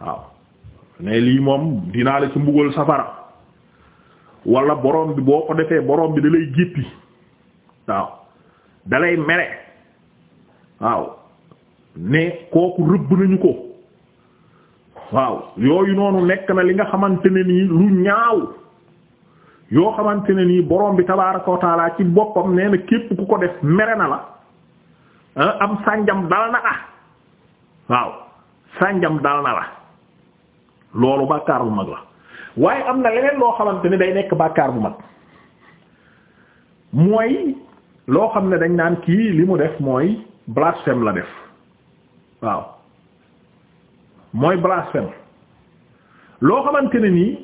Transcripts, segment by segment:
waaw ne lii moom dinaa la ci mbugal safara walla borom bi boo ko defee borom bi da lay jéppi waaw da mere waaw ne kooku rëbb nañu ko waaw yooyu noonu nekk na li nga xamante ne nii lu ñaaw yoo xamante ne nii borom bi tabaaraka wa ci boppam nee na képp ku ko def mere na la ah, am sànjam dal na la waaw sànjam dal na la loolu bàkkaar bu mag la waaye am na leneen loo xamante ni day nekk bàkkaar bu mag mooy loo xam ne dañ naan kii li mu def mooy blasphème la def waaw mooy blasphème loo xamante ne nii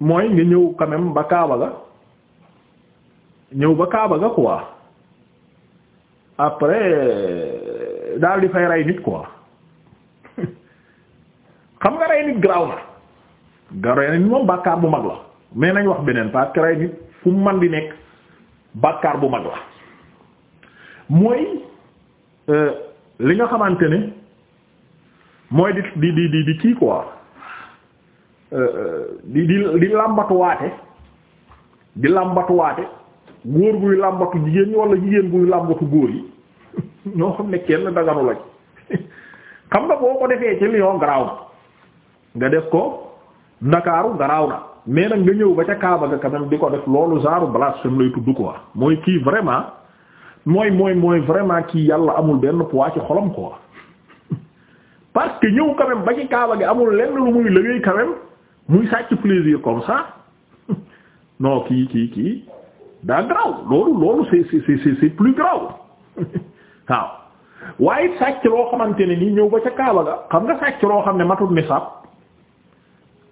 mooy nga ñëw quand même ba Kaaba ga ñëw ba Kaaba ga quoi après daal di fay rey nit quoi xam nga rey nit garaaw na nga rey nit moom bàkkaar bu mag la mais nañ wax beneen parce que rey nit fu mu man di nekk bàkkaar bu mag la mooy euh, li nga xamante ne mooy di di di di di kii quoi euh, euh, di di di làmbatuwaate di làmbatuwaate góor guy làmbatu jigéen ñi wala jigéen guy làmbatu góor yi ñoo xam ne kenn daganu lañ xam nga boo ko defee ci lion garaaw nga def ko ndakaaru garaaw na mais nga ñëw ba ca Kaaba ga quand di ko def loolu saaru genre blasphème lay tudd quoi mooy kii vraiment mooy mooy mooy vraiment kii yàlla amul benn poids ci xolam quoi parce que ñëw quand même ba ci Kaaba gi amul lenn lu muy liggéey quand même muy sàcc plaisir comme ça non kii kii kii daa garaaw loolu loolu c'est c'est c'est plus grave waaw waaye sàcc loo xamante ne nii ñëw ba ca Kaaba ga xam nga sàcc loo xam ne matul nisaab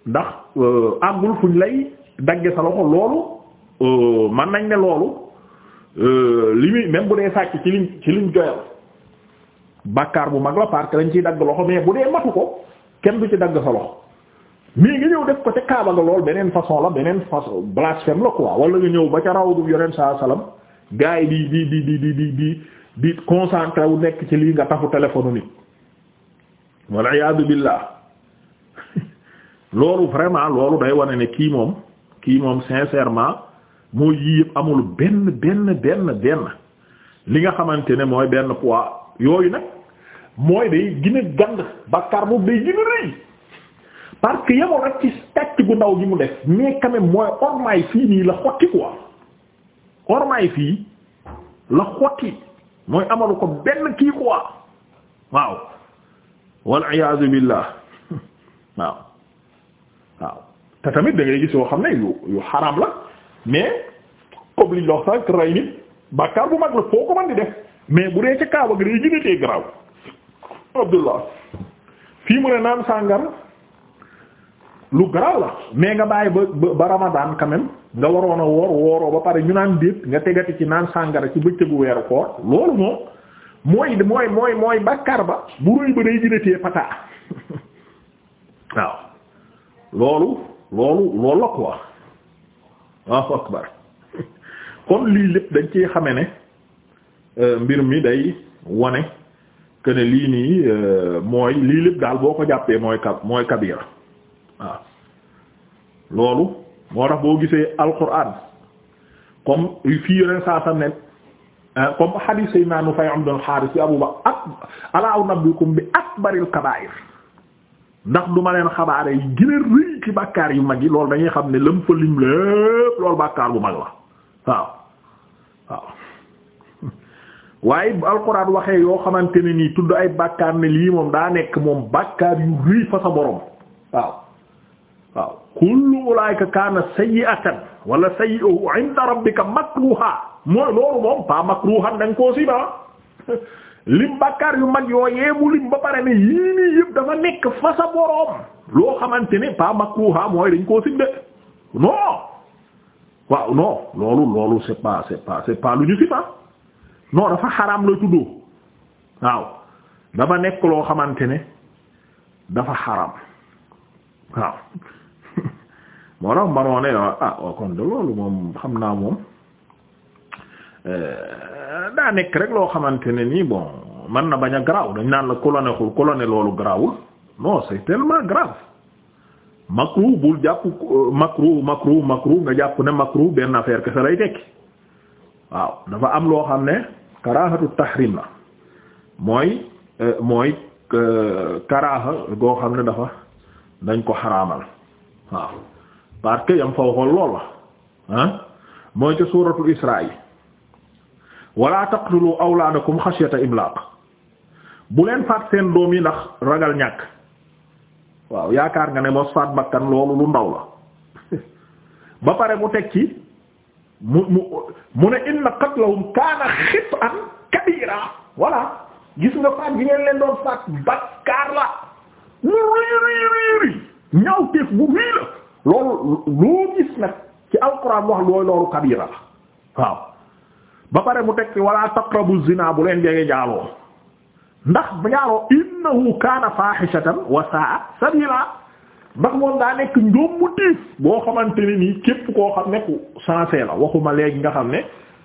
ndax euh, àggul fuñ lay dagge sa loxo loolu euh, man nañ ne loolu euh, li muy même bu dee sàcc ci liñ ci liñ joyal bàkkaar bu mag la parce lañ ciy dagg loxo mais bu dee matu ko kenn du ci dagg sa loxo mii nga ñëw def ko ca Kaaba ga lool beneen façon la beneen façon blasphème la quoi wala nga ñëw ba ca rawdu yoneen saa salaam gars yi di di di di di di di concentré wu nekk ci lii nga taxu téléphone nit wal iyaadu billah loolu vraiment loolu day wane ne kii moom kii moom sincèrement mooy yii yëpp amul benn benn benn benn li nga xamante ne mooy benn poids yooyu nag mooy day gën gand bàkkaar boobu day gën a parce que yemul rek ci tàcc gu ndaw gi mu def mais quand même mooy ormaay fii nii la xotti quoi ormaay fii la xotti mooy amalu ko benn kii quoi waaw wal iyaazu billah waaw waaw te tamit da gis yoo xam ne yu yu xaraam la mais comme liñ la wax sànq nit bàkkaar bu mag la foo ko mën di def mais bu dee ca kaaba gi day gënatee garaaw abdullah fii mu ne naan sàngara lu garaaw la mais nga bàyyi ba ba ramadan quand même nga waroon a woor wooroo ba pare ñu naan déet nga tegati ci naan sàngara ci bëccëgu weeru koor loolu moom mooy mooy mooy mooy bàkkaar ba bu rëy ba day gënatee pataa waaw loolu loolu loolu la quoi Allahu akbar kon lii lépp dañ ci xame ne euh, mbir mi day wane que ne lii nii euh, mooy lii lépp daal boo ko jàppee mooy mooy kabira waaw loolu moo tax boo gisee alquran comme fii yoneen saa sam ne euh, comme hadith Seydina Nufay' ibn al-Harith Abu Bakr ak ala unabbiukum bi akbaril kaba'ir ndax du ma leen xabaare yi gën rëy ci bàkkaar yu mag yi loolu dañuy xam ne lëm fa lim lépp loolu bàkkaar bu mag la waaw waaw waaye alxuraan waxee yoo xamante ni nii tudd ay bàkkaar ne lii moom daa nekk moom bàkkaar yu rëy fa sa borom waaw waaw kullu ulaayka kaana sayyi'atan wala sayyi'u 'inda rabbika makruha mooy loolu moom pas makruhan da koo si ba lim bàkkaar yu mag yooyee mu lim ba pare ne yii nii yëpp dafa nekk fa sa boroom loo xamante ne pas makruha mooy dañ koo sibbe non waaw non loolu loolu c'est pas c'est lu ñu si ba non dafa xaraam la tuddoo waaw dafa nekk loo xamante ne dafa xaram waaw moo tax manoo ne ah kon de loolu moom xam naa moom euh, daa nekk rek loo xamante ne nii bon mën na bañ a garaaw dañ naan la colonel xul colonel loolu garaawul non c'est tellement grave makru bul jàpp makru makru makru nga jàpp ne makru benn affaire kese lay tekki waaw dafa am loo xam ne karaahatu tahrim la mooy euh, mooy euh, karaaha goo xam ne dafa dañ ko xaraamal waaw parce que yam fa waxoon lool la mooy ca suuratul Israa wala taqtulu awlaadakum xashyata imlaaq bu leen faat seen doom yi ndax ragal ñàkk waaw yaakaar nga ne mos faat bakkan loolu lu ndaw la ba pare mu teg ci mu mu mu ne inna qatlahum kaana xit'an kabira voilà gis nga faat gi ngeen leen doon faat bakkaar la ñaw teef bu wii la loolu loo gis nag ci alxuraan wax loolu kabira la waaw ba pare mu teg ci wala taqrabu zina bu leen jege njaaloo ndax njaaloo innahu kaana faaxisatan wa saa'a ndax moom daa nekk njoom mu tiif boo xamante ne nii képp koo xam ne ku sensé la waxuma léegi nga xam ne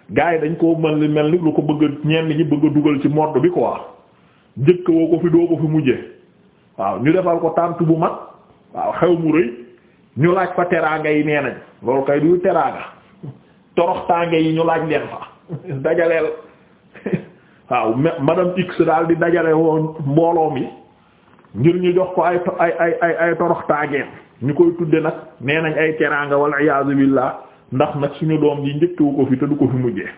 gars yi dañ koo mel ni mel ni lu ko bëgg a ñenn ñu bëgg dugal ci mode bi quoi njëkk woo ko fi doo ko fi mujje waaw ñu defal ko tànt bu mag waaw xew mu rëy ñu laaj fa teraanga yi nee nañ loolu kay du teraanga toroxtaange yi ñu laaj leen fa dajaleel waaw madame X daal di dajale woon mbooloo mi ngir ñu jox ko ay ay ay ay ay torox taageen ñu koy tudde nag nee nañ ay teraanga wal iyaazu billah ndax nag suñu doom yi njëkkewu ko fi te du ko fi mujjee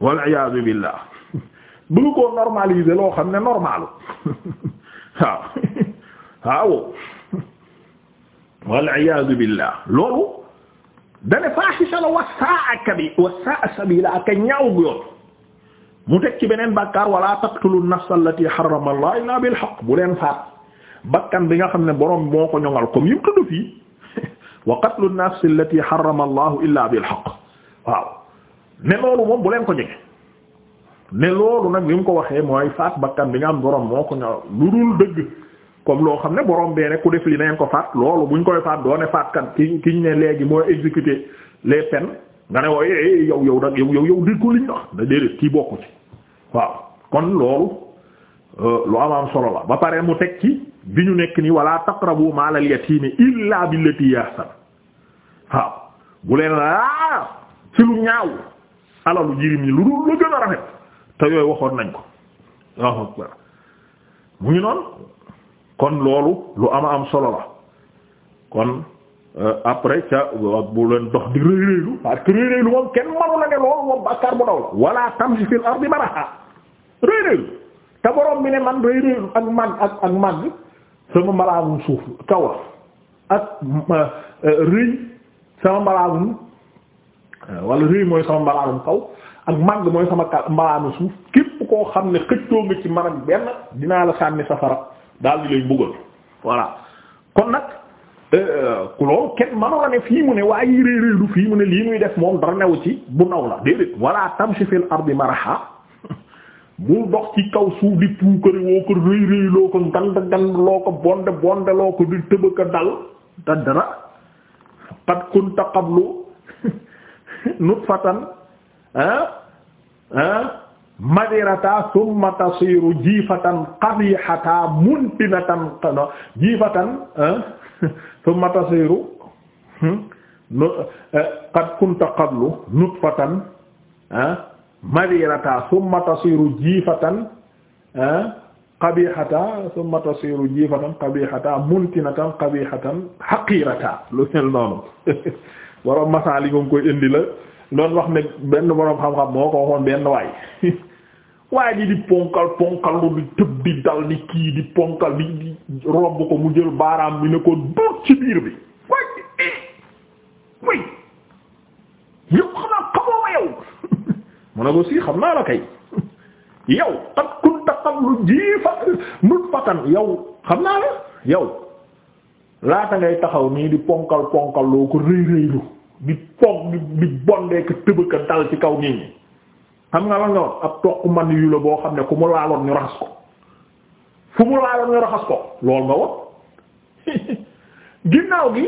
wal iyaazu billah bëgg koo normaliser loo xam ne normalu waaw waaw wal iyaazu loolu dane faaxisa la wa saa kabi wa saa ñaaw bu yoon mu teg ci beneen bàkkaar wala taqtulu nafs allati harrama allah illa bil bu leen faat bakkan bi nga xam ne borom moo ko ñoŋal comme yim tudd fii wa qatlu nafs allati harrama allah illa bil haqq waaw ne loolu moom bu leen ko jege ne loolu nag bi mu ko waxee mooy faat bakkan bi nga xam borom moo ko ñoŋal lu dul dëgg comme loo xam ne borom bee ne ku def li neen ko faat loolu buñ koy faat doone faatkat ki ki ñu ne léegi mooy exécuter les peines nga ne wooye eh, yow yow dag yow yow yow di liñ wax da déedéet kii bokku ci waaw kon loolu euh, lu amaam solo la ba pare mu teg ci bi ñu nekk ni wala taqrabu maalal yatiimi illa billati yahsan waaw bu leen laa ci lu ñaaw alalu jirim ñi lu dul lu gën a rafet te yooyu waxoon nañ ko mu ngi noonu kon loolu lu ama am solo la kon euh, après ca euh, bu leen dox di rëy rëylu parce que rëy moom kenn manu la loolu moom bàkkaar bu daw la wala tamshi fil ardi maraha rëy rëylu te borom bi ne man rëy rëylu ak màgg ak ak sama malaanum suuf kaw la ak euh, rëy sama malaanum wala rëy mooy sama malaanum kaw ak màgg mooy sama malaanum suuf képp koo xam ne xëccoo nga ci man ak benn dinaa la sànni safara daal di lay mbugal voilà kon nag euh, loolu kenn mënoon ne fii mu ne waa yi réeréeru fii mu ne lii muy def moom dara new ci bu naw la déedéet wala tamshi fil ardi maraha bul dox ci kaw suuf di puukare woo ko rëy rëy ko ngand ngand loo ko bonde bonde loo ko di tëbëka dal te dara qad kunta qablu nutfatan ah ah madirata thumma tasiru jiifatan qabihata muntinatan jiifatan thumma tasiru hmm? eh, qad kunta qablu nutfatan madirata thumma tasiru jiifatan qabihata thumma tasiru jiifatan qabihata muntinatan qabihatan haqirata lu mel noonu waroon masaali nga koy indi la lool wax ne benn boroom xam-xam moo ko waxoon benn waay waaye ji di ponkal ponkal lu di tëb di dal di kii di ponkal di robb ko mu jël baaraam bi ne ko dóor ci biir bi waay eh, way yow mu ne xam naa la yow qad kunta xam naa ngay taxaw nii di ponkal ponkal loo ko rëy rëylu di foog di bondee ka tëbëka dal ci kaw nit ñi xam nga la nga wax ab toq man yu la boo xam ne ku mu laaloon ñu raxas ko fu mu laaloon ñu raxas ko lool nga wax ginnaaw gi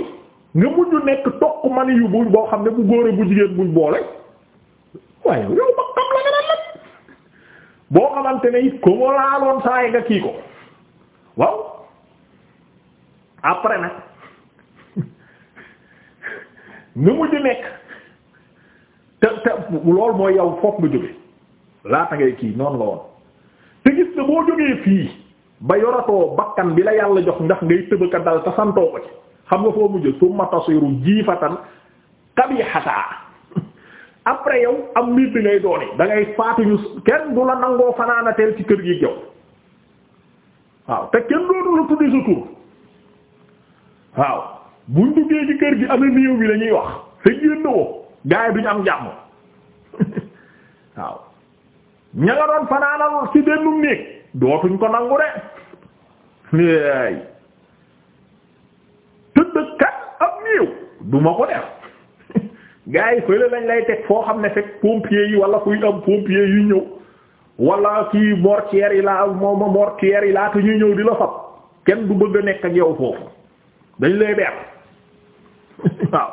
nga mujj nekk toq man yu bu boo xam ne bu góor bu jigéen buñ boole waaye yow ba xam la nga la boo xamante ne it ku mu laaloon saay nga kii ko waaw après nag nga mujj nekk te te loolu mooy yow foofu nga jóge laata ngay kii noonu la woon te gis nga boo jógee fii ba yoratoo bakkan bi la yàlla jox ndax ngay tëbaka dal te santoo ko ci xam nga foo mujj summa tasiru jiifatan qabihata après yow am miit bi ngay dooni da ngay faatuñu kenn du la nangoo fanaanateel ci kër gi yow waaw te kenn doonu la tudde sa tur waaw buñ duggee ci kër gi ana néew bi la wax te génn woo duñu am jàmm waaw ña nga doon fanaanal ci bennum néeg dootuñ ko nangu de tëdd kat ab néew duma ko def gars yi fële lañ lay teg foo xam ne fekk pompier yi wala kuy am pompier yu ñëw wala kii mortuaire yi laa moom mortuaire yi laa te ñuy ñëw di la fab kenn du bëgg a nekk ak yow foofu dañ lay ber waaw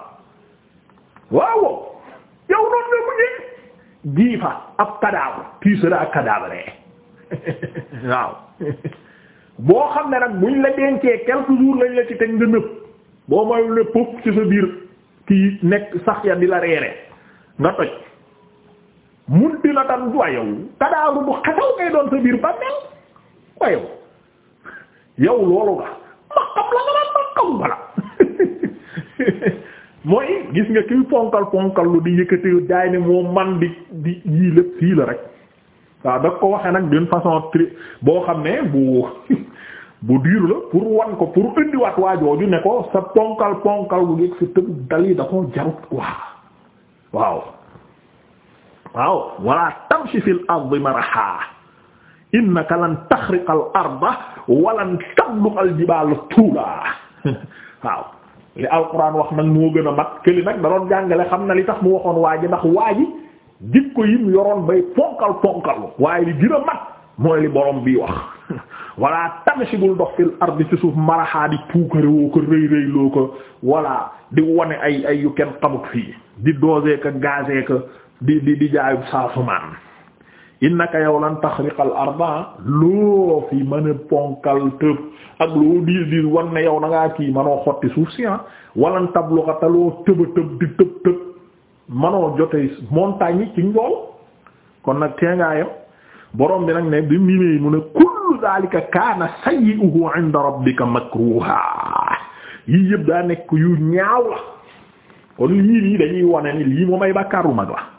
waaw yow noonu la mu jëkk jiifa ab cadavre tu seras cadavre waaw boo xam ne nag buñ la dencee quelques jours lañ la ci teg nga nëb boo mooy le pop ci sa biir kii nekk sax ya di la reere nga toj mun di la tan wayow bu xataw ngay doon sa biir bàmmeel wayow yow loolu nga maxam la nga naan mooy gis nga kuy ponkal ponkal lu di yëkkati daay ne moo man di di yii lépp fii la rek waaw da ko waxee nag d'une façon tri boo xam ne bu bu diir la pour wan ko pour indiwaat waa ne ko sa ponkal ponkal bu yëg sa tëb dal yi da ko jarut waaw waaw wala tamshi fil ardi maraha innaka lan taxriqa al arda walan tabluqa al jibala waaw li alquran wax nag moo gën a mat këli nag da jàngale xam na li tax mu waxoon waa ji ndax waa ji jikko yim yoroon bay ponkal ponkalu waaye li gën a mat mooy li borom bii wax wala tamshi bul dox fil ardi ci suuf maraxaa di puukare woo ko rëy rëy loo ko wala di wane ay ay yu kenn xamut fii di doosee ko gaasee ko di di di jaayu saa sumaan innaka yow lan taxriqal arda loo fi mën a ponkal tëb ak loo diis diis wan ne yow da kii manoo xotti suuf si ah walan tabluxa te loo tëba tëb tëb tëb manoo jotee montagne ci njool kon nag tee ngaa yem borom bi nag ne bi mimee mu ne kullu daalika kaana sayyi'uhu 'inda rabbika yëpp daa nekk yu ñaaw la kon lii nii dañuy wane lii moom ay bàkkaar mag la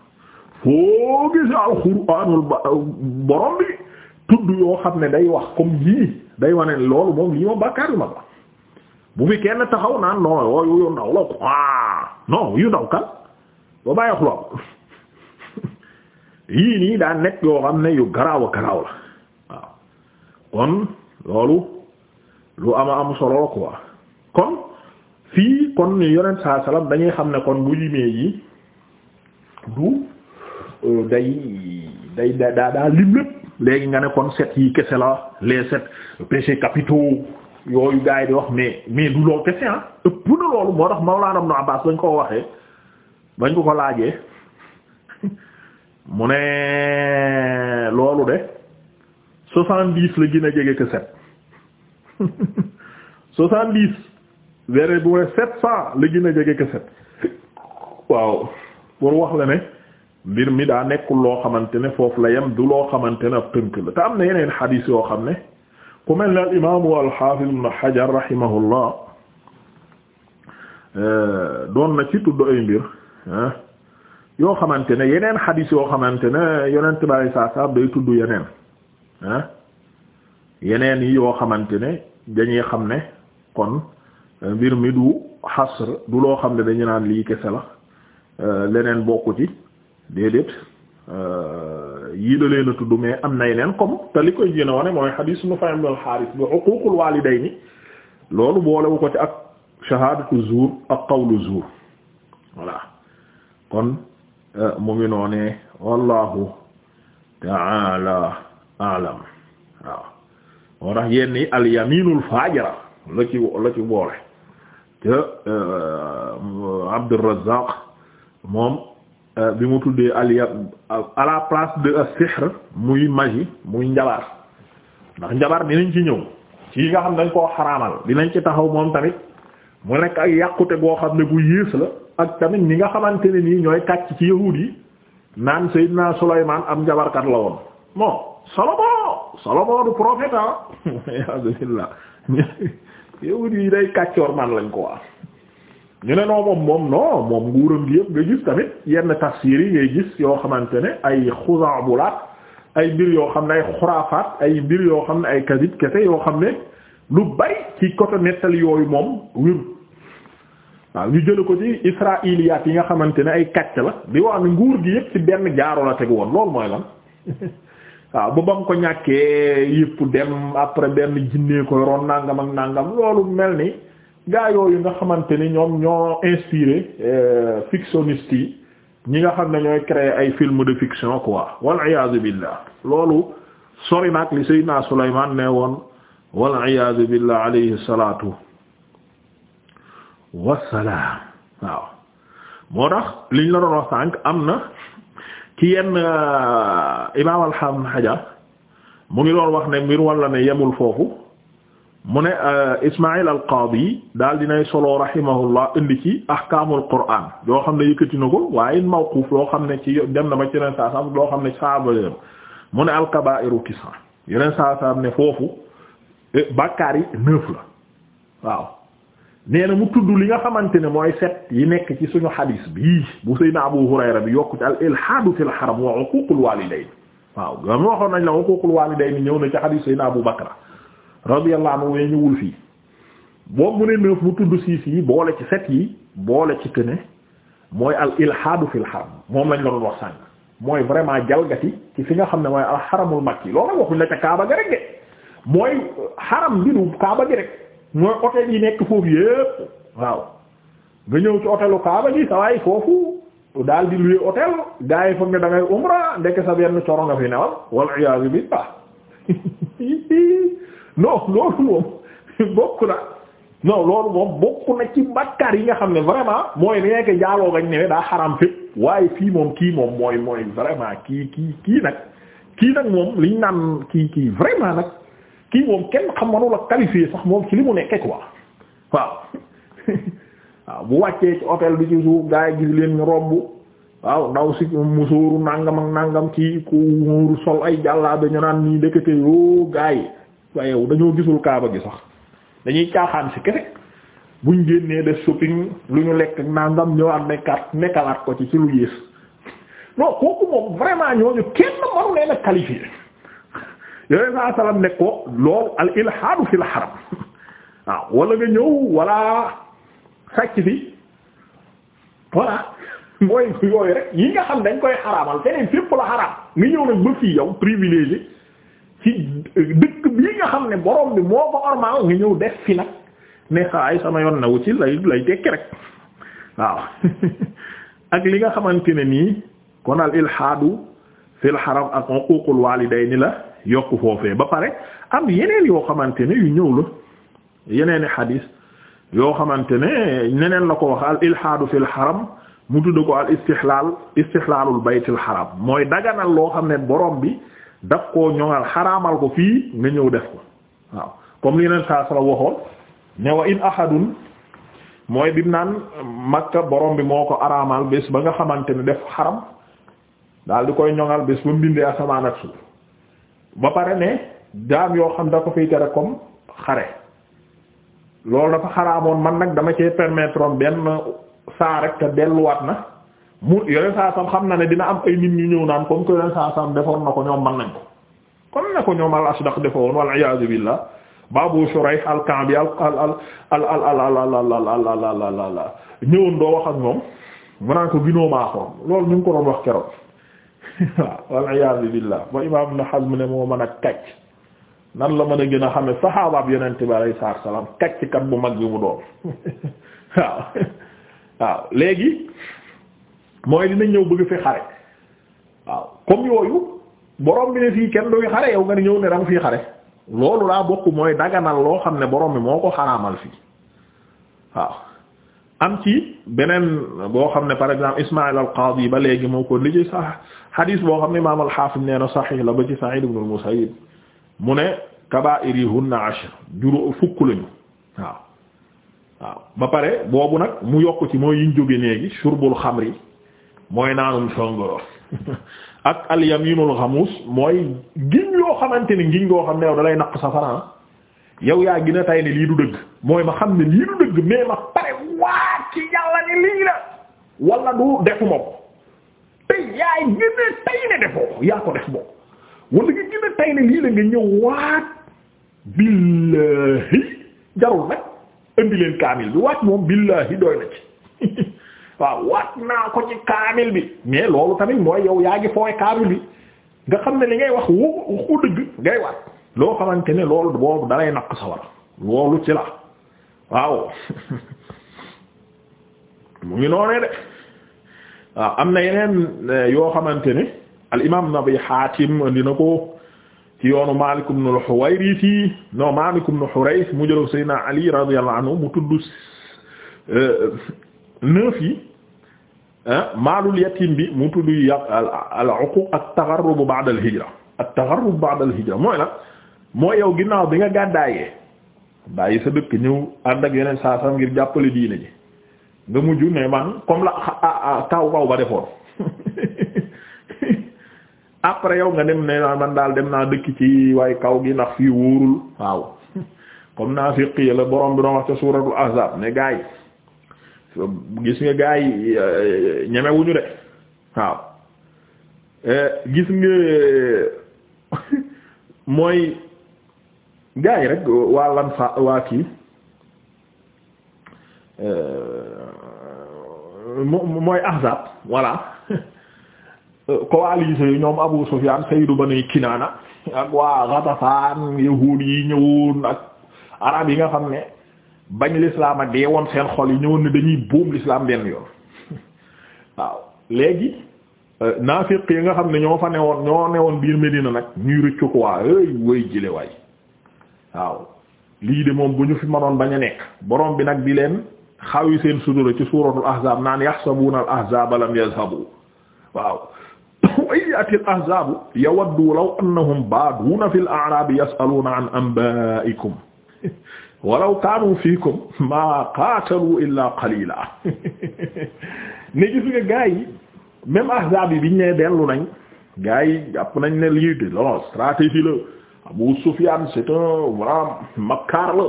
foo gis alxuraanul borom bi tudd yoo xam ne day wax comme lii day wane ne loolu moom lii ma bàkkaar yu ma ba bu fi kenn yu ndaw la nii daa nekk lu ama am solo kon fii kon yonent salaam dañuy xam ne kon bu limee yi du Euh, day day da daal daa lim lépp léegi nga ne kon set yi kese la les sept péchés capitaux yooyu gars di wax mais mais du loolu kese ah ëpp na loolu moo tax Mawlana Ibn Abbas bañ koo waxee bañ ko ko laajee mu ne loolu de soixante-dix la gën a jege que sept soixante-dix wére bu ne sept cent la gën a jege que waaw pour wax la ne mbir mi daa nekkul loo xamante ne foofu la yem du loo xamante ne ab tënk la te am na yeneen xadiis yoo xam ne ku mel ne al imaamu alxaafis ibn Hajar rahimahullah euh, doon na ci tudd ay mbir yoo xamante ne yeneen xadiis yoo xamante ne yonent bari saa saab day tudd yeneen ah yeneen yi yoo xamante ne dañuy xam ne kon euh, mbir mi du xasr du loo xam ne dañu naan lii kese la euh, leneen bokku ci déedéet euh, yii la leen a tudd mais am na yeneen comme te li koy gën a wane mooy xadiis nu Nufaym al Haaris ba uquuqul waalidayni loolu boolewu ko ci ak shahaadatu zuur ak qawlu zuur voilà kon euh, mu ngi noonee wallahu ta'ala a'lam waaw moo tax yenn yi al yaminul faajira la ci boole te euh, Abdur Razzaq moom Euh, bi mu tuddee al yab euh, à la place de as-sihr muy magie muy njabar ndax njabar dinañ ci ñëw ci yi nga xam dañ koo xaraamal dinañ ci taxaw moom tamit mu nekk ak yàqute goo xam ne bu yées la ak tamit ñi nga xamante ne nii ñooy kàcc ci yahuud yi naan Seydina Sulaymaan am njabarkat la woon bon Salomon Salomon du prophète ah yalubillah yahuud yi day kàccoor man lañ ko wax ñu ne noo moom moom non moom nguuram gi yëpp nga gis tamit yenn tafsir yi ngay gis yoo xamante ne ay xuzaabulaat ay mbir yoo xam ne ay xuraafaat yoo xam ne ay kadib kese yoo xam ne lu bari ci côté nettali yooyu moom wér waaw ñu jële ko ci israiliyaat yi nga xamante ne ay kàcc la di wax ne nguur gi yëpp ci benn jaaro la teg woon loolu mooy lan waaw ba bam ko ñàkkee yëpp dem après benn jinnee koy ron nangam ak nangam loolu mel ni gaa yooyu nga xamante ni ñoom ñoo inspiré euh, fictionniste yi ñi nga xam ne ñooy créer ay film de fiction quoi wal iyaazu billah loolu sori nag li Seydina Sulaymaan ne woon wal iyaazu billah alayhi salaatu wassalaam waaw moo tax liñ la doon wax sànq am na ci yenn euh, imaam alxam xajar mu ngi doon wax ne ngir walla ne yemul foofu mu ne euh, Ismaïl al-Qaadi daal dinay solo rahimahullah indi ci ahkaamul qur'aan yoo xam ne yëkkati na ko waaye mawquuf loo xam ne ci dem na ba ci yeneen saa saam loo xam ne saaba yam mu ne al-kabaa'iru tis'a yeneen saa saam ne foofu e, bàkkaar yi neuf la waaw nee na mu tudd li nga xamante ne mooy set yi nekk ci suñu xadiis bii bu Seydina Abu Hurayra bi yokku ci al-ilhaadu fil haram wa uquuqul waalidayn waaw loolu waxoon nañ la uquuqul waalidayn ñëw na ci xadiis Seydina Abu Bakra radiyallahu anhu wee ñëwul fii boobu mu ne neuf mu tudd siis boole ci set yi boole ci këne mooy al ilhaadu fil haram moom lañ la wax sànq mooy vraiment jalgati ci fi nga xam ne mooy al haramul makki loolu nag waxuñ la ca kaaba gi rek mooy haram bi du kaaba gi rek mooy hôtel yi nekk foofu yépp waaw nga ñëw ci hôtelu kaaba gi sawaay foofu daal di luye hôtel gars yi foog ne dangay ngay umra ndekk sa benn coro nga fi newal wal iyaazu billah non loolu moom bokk na non loolu moom bokk na ci bakkaar yi nga xam ne vraiment mooy nekk jaaloo gañ newee daa xaram fépp waaye fii moom kii moom mooy mooy vraiment kii kii nag kii nag moom liñ naan kii kii vraiment nag kii moom kenn xam manula qualifié sax moom ci li mu nekke quoi waaw waaw bu wàccee ci hôtel bi ci suuf gaa yi gis leen ñu waaw ndaw si musóoru nàngam ak nàngam kii ku muuru sol ay jàllaa dañu naan nii ndekete yoo gaa yi waaye dañoo gisul kaaba gi sax dañuy caaxaan ci kese buñ génnee def shopping lu ñu lekk nangam ñëwaat nekkaat nekkalaat ko ci ci lu yées non kooku moom vraiment ñooñu kenn manu leen a qualifié yooyu saa salaam ne ko loolu al ilhaadu fil haram waaw wala nga ñëw wala sàcc fi voilà mooy yooyu rek yi nga xam dañ koy xaraamal feneen fépp la xaraam nga ñëw nag ba fii yow privilégié ci dëkk bii nga xam ne borom bi moo ko ormal nga ñëw def fi nag ne xaay sama yoon na wu lay lay tekki rek waaw ak li nga xamante ne nii kon al ilhaadu fil haram ak uququl ni la yokku foofee ba pare am yeneen yoo xamante ne yu ñëw la yeneeni xadiis yoo xamante ne neneen la ko wax al ilhaadu fil haram mu tudd ko al istihlaal istihlaalul baytil haram mooy daganal loo xam ne borom bi daf ko ñoŋal xaraamal ko fii nga ñëw def ko waaw comme li neen saa sala waxoon ne in ahadun mooy bi naan makka borom bi moo ko araamal bés ba nga xamante ni def xaram daal di koy ñoŋal bés ba mu bindee asamaan ak suuf ba pare ne daam yoo xam da ko fiy tere comme xare loolu dafa xaraamoon man nag dama cee permettre benn saa rek te delluwaat na mu yoneen saa sam xam na ne dina am ay nit ñu ñëw naan comme que yoneen saa sam defoon na ko ñoom man nañ ko kon na ko ñoom al asdaq defoon wal iyaazu billah babu shurayh al ka'bi ak ñoom mu naan ko ginoo loolu ñu ngi ko doon wax keroog waaw wal iyaazu billah ba imam ne moo mën a kacc nan la mën a gën a xame saxaabaab yonent bi alayhi salaatu wa salaam kacc kat bu mag bi mu doon waaw waaw léegi mooy dina ñëw bëgg fi xare waaw comme yooyu borom bi ne fii kenn du xare yow nga ñëw ne danga fii xare loolu laa bokk mooy daganal loo xam ne boroom bi moo ko xaraamal fii waaw am ci beneen boo xam ne par exemple Ismaïl al-Qadi ba léegi moo ko li ci sax xadiis boo xam ne imaam al-Hafiz nee na saxiix la ba ci Sa'id ibn al-Musayyib mu ne kabaa'irihunna ashr juróom fukk lañu waaw waaw ba pare boobu nag mu yokk ci mooy yiñ jóge léegi surbul xamri mooy naanum songoro ak al xamuus mooy giñ yoo xamante ni giñ goo xam ne yow dalay naq safaran yow yaa gina tay ne lii du dëgg mooy ma xam ne lii du dëgg mais ma pare waa ci yàlla ni lii la wala du defu ma ko te yaay gina tay ne defoo yaa ko def moom wala nga gina tay ne lii la nga ñëw waat billahi jarul nag indi leen kaamil bi waat moom billahi doy na ci waaw naa ko ci kaamil bi mais loolu tamit mooy yow yaa ngi fooy kaamil bi nga xam ne li ngay wax wu wu dëgg ngay waat loo xamante ne loolu boobu dalay loolu ci la waaw mu ngi noonee de am na yeneen eh, yoo xamante ne al imaam Nabi Haatim andi na ko Maalik ibn al-Huwayrith no Maalik ibn Hurayth mu jëloon Seydina Ali radiyallahu anhu mu tudd eh, neuf maalul yatim bi mu tudd yàq al uquq ak taxarrubu ba'da al hijra ak taxarrubu ba'da hijra mooy nag mooy yow ginnaaw bi nga gàddaayee bàyyi sa dëkk ñëw ànd ak yeneen saa ngir jàppale diine ji nga mujj ne man comme la kaw kaw ba defoon après yow nga dem ne man daal dem naa dëkk ci waaye kaw gi ndax fii wóorul waaw comme naa fiqi la borom bi doon wax ca suuratul ahzab ne gaay gis nga gaa yi eh, ñemewuñu de waaw eh, gis nga mooy gaa yi rek waa lan fa waa kii eh, mooy ahzab voilà coalisés yi ñoom Abu Sufyan sayyidu bani Kinaana ak waa Ghatafaan yahuud yi ñëwoon ak arab yi nga xam ne bañ lislaam a dee woon seen xol yi ñëwoon ne dañuy buum lislaam benn yoon waaw léegi euh, naafiq yi nga xam ne ñoo fa newoon ñoo newoon biir Medina nag ñuy rëccu ko waa éy woy jële waay waaw lii de moom bu ñu fi mënoon bañ a nekk borom bi nag di leen xawi seen sudura ci suuratul ahzaab naan yaxsabuuna al lam yazhabu waaw wa yaati al ahzaabu yawaddu law annahum baaduuna fi al yas'aluuna an anbaa'ikum walaw kaanu fiikum maa qaatalu illaa qalila ne gis nga gaa yi même ahzaab yi biñ ne dellu nañ gaa yi jàpp nañ ne lii de la stratégie la Abu Sufyaan c'est un voilà makkaar la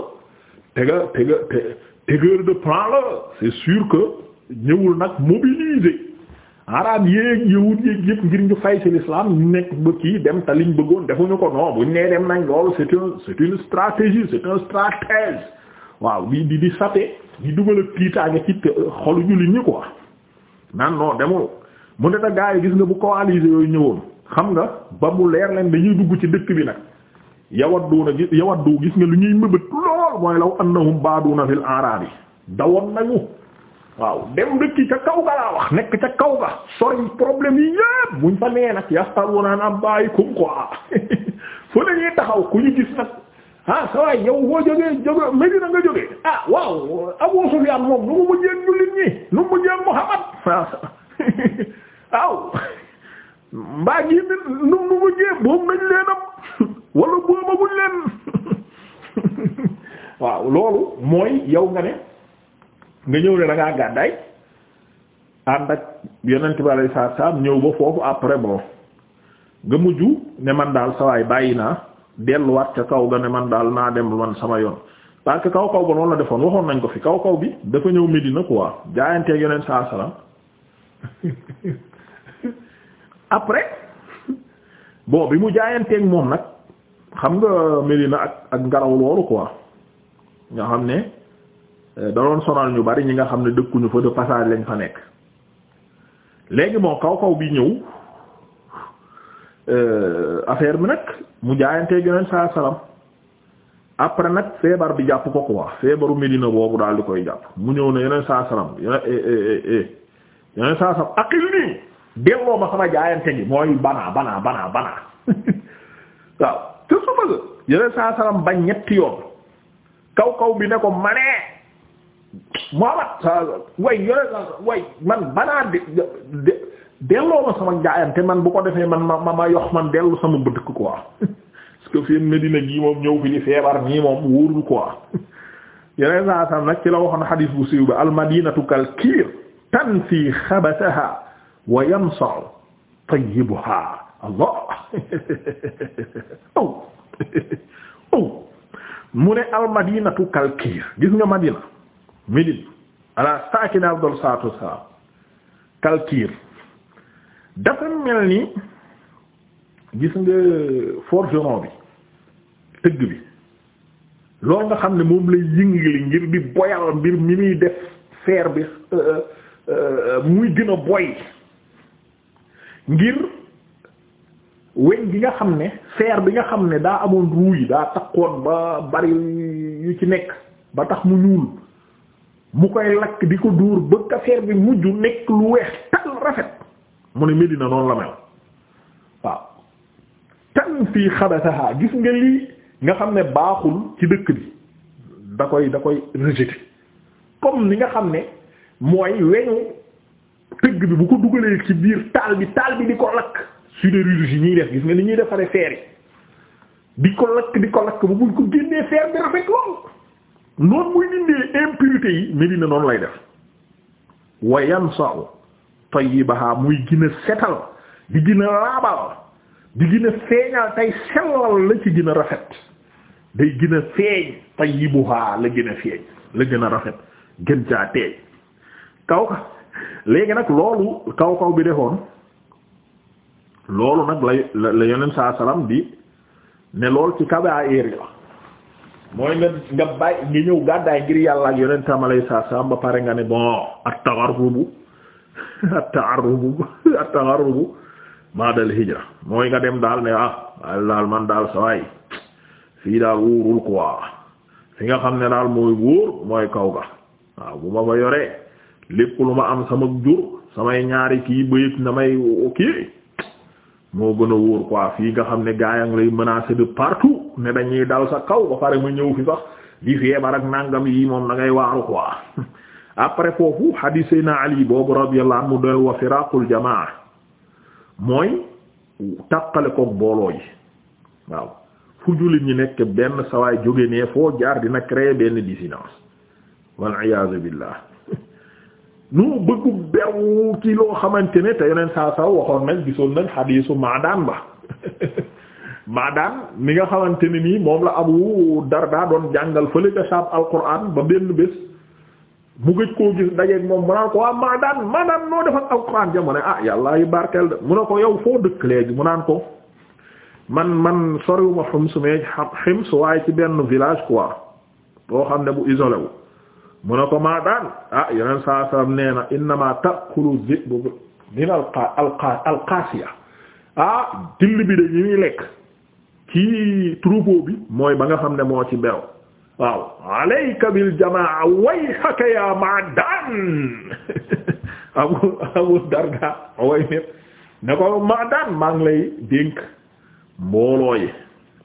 tega tega te tegeur de plan c'est sûr que ñëwul nag mobiliser araab yéeg yawut yéeg yëpp ngir ñu fay ci l'islam ñu nekk ba kii dem te liñ bëggoon defuñu ko non buñ nee dem nañ loolu c'est un c'est une stratégie c'est un stratège waaw di di di sate di dugal ak tiitaange ci xolu jullit ñi quoi naan non demul mu ne te gaa yi gis nga bu coalisé yooyu ñëwoon xam nga ba mu leer leen dañuy dugg ci dëkk bi nag yawaddu na gis yawaddu gis nga lu ñuy mëbët lool mooy law annahum baaduna fil arabi dawoon nañu. waaw dem dëkki ca kaw ga laa wax nekk ca kaw ga sori problème yi yépp buñ fa nee nag yastaruna an ba'ikum quoi fu la taxaw ku ñu gis nag ah sa waay yow boo jógee jóge Medina nga jógee ah waaw Abu Sufyan moom nu mu mujjee jullit ñi nu mujjee Muhammad waaw mbaa gi nu mu mujjee boobu nañ leenam wala boobu maguñ leen waaw loolu mooy yow nga ne nga ñëw ne da ngaa gàddaay ànd ak yonent bi alayhi salaatu ñëw ba foofu après bon nga mujj ne man daal sawaay bàyyi naa delluwaat ca kaw ga ne man daal naa dem man sama yoon parce que kaw kaw ba noonu la defoon waxoon nañ ko fi kaw kaw bi dafa ñëw Medina quoi jaayanteeg yonent saa salaam après bon bi mu jaayanteeg moom nag xam nga Medina ak ak ngaraw loolu quoi nga xam ne. Eh, danoon sonal ñu bari ñi nga xam ne dëkkuñu fa de passage lañ fa nekk léegi moo kaw kaw bi ñëw eh, affaire bi nag mu jaayantee geneen saa salaam après nag feebar bi jàpp ko quoi feebaru Medina boobu daal di koy jàpp mu ñëw ne yeneen saa salaam yeneen saa salaam akil nii delloo ma sama jaayante gi mooy banaa banaa banaa banaa waaw te su ma yeneen saa salaam bañ ñetti yoon kaw kaw bi ne ko manee Muhammad sa way yore sa way man banaa de de delloo ma sama jaayante man bu ko defee man ma ma ma yox man dellu sama bëtëk quoi parce que fii Medina gii moom ñëw fi di feebar nii moom wóorul quoi yeneen saa sam nag ci la waxoon xadiis bu siiw bi al madinatu kal kiir tanfi xabasaha wa yamsa'u tayyibaha allah aw aw mu ne al madinatu kal kiir gis nga madina Médine ala saakina afdal salaatu wassalaam kalkiir dafa mel ni gis nga forgeron bi tëgg bi loolu nga xam ne moom lay yëngali ngir di boyal mbir mi muy def fer bi euh, euh, euh, muy gën boy ngir weñ gi nga xam ne fer bi nga xam ne daa amoon ruuy daa takkoon ba bari yu ci nekk ba tax mu ñuul mu koy lakk di ko dóor bëgg affaire bi mujj nekk lu weex tal rafet mu ne Medina noonu la mel waaw tan fii gis nga lii nga xam ne baaxul ci dëkk bi da koy da koy rejeter comme ni nga xam ne mooy weñu tëgg bi bu ko dugalee ci biir taal bi taal bi di ko lakk sidérurgie ñuy def gis nga li ñuy defaree feer yi di ko lakk di ko lakk ba buñ ko génnee feer bi rafet lool noonu muy dindee impurité yi Medina noonu lay def wa yansa'u tayyibaha muy gën a setal di gën a laabal di gën a tey sellal la ci gën rafet day gina a feeñ tayyibuha la gën a la gën a rafet gën caa teey kaw ka léegi nag loolu kaw kaw bi defoon loolu nag la la yoneen saa salaam bi ne lool ci kabaa'ir la mooy nga nga bàyyi nga ñëw gàddaay ngir yàlla ak yonent am alayhi salaam ba pare nga ne bon at-tagharrubu at-tagharrubu at-tagharrubu ba'dal hijra mooy nga dem daal ne ah daal man daal sawaay fii daal wóorul quoi fi nga xam ne daal mooy wóor mooy kaw ga waaw bu ma fa yoree lépp lu ma am sama jur samay ñaari kii bëyit na may kii moo gën a wóor quoi fii nga xam ne gaa yang lay menacer de partout ne dañuy dal sa kaw ba pare ma ñëw fi sax di feebar ak nangam yi moom da ngay waaru quoi après foofu hadith sayna Ali boobu radiyallahu anhu doy wa firaqul jamaa mooy tàqale koog booloo yi waaw fu jullit ñi nekk benn sawaay jóge ne foo jaar dina créer benn dissidence wal iyaazu billah nu bëggu bew ci loo xamante ne te yeneen saa saa waxoon nañ gisoon nañ xadiisu maadaan ba maadaan mi nga xamante ne nii moom la abu darda doon jàngal fële ca saab alquran ba benn bés mu gëj koo gis dajeeg moom mu naan ko waa maadaan maadaan noo defal alquran jamono ah yàllaa yu barkeel de mu ne ko yow foo dëkk léegi mu naan ko man man soriwuma Homs mais Homs waaye ci benn village quoi boo xam ne bu isolé wu. mu ne ko maa daan ah yeneen saa salaam nee na innama ta'kulu dhi'bu min alqa alqa alqasiya ah till bi de ñu ngi lekk ci troupeau bi mooy ba nga xam ne moo ci bew waaw alayka bil jamaa wayhaka ya ma daan abu abu darda way nit ne ko ma maa ngi lay dénk mbooloo yi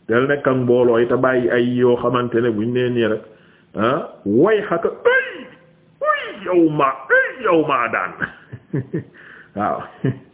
del nekk ak mbooloo yi te bàyyi ay yoo xamante ne buñ nee nii rek ah way xaka ay ay yow maa ay yow maa daan waaw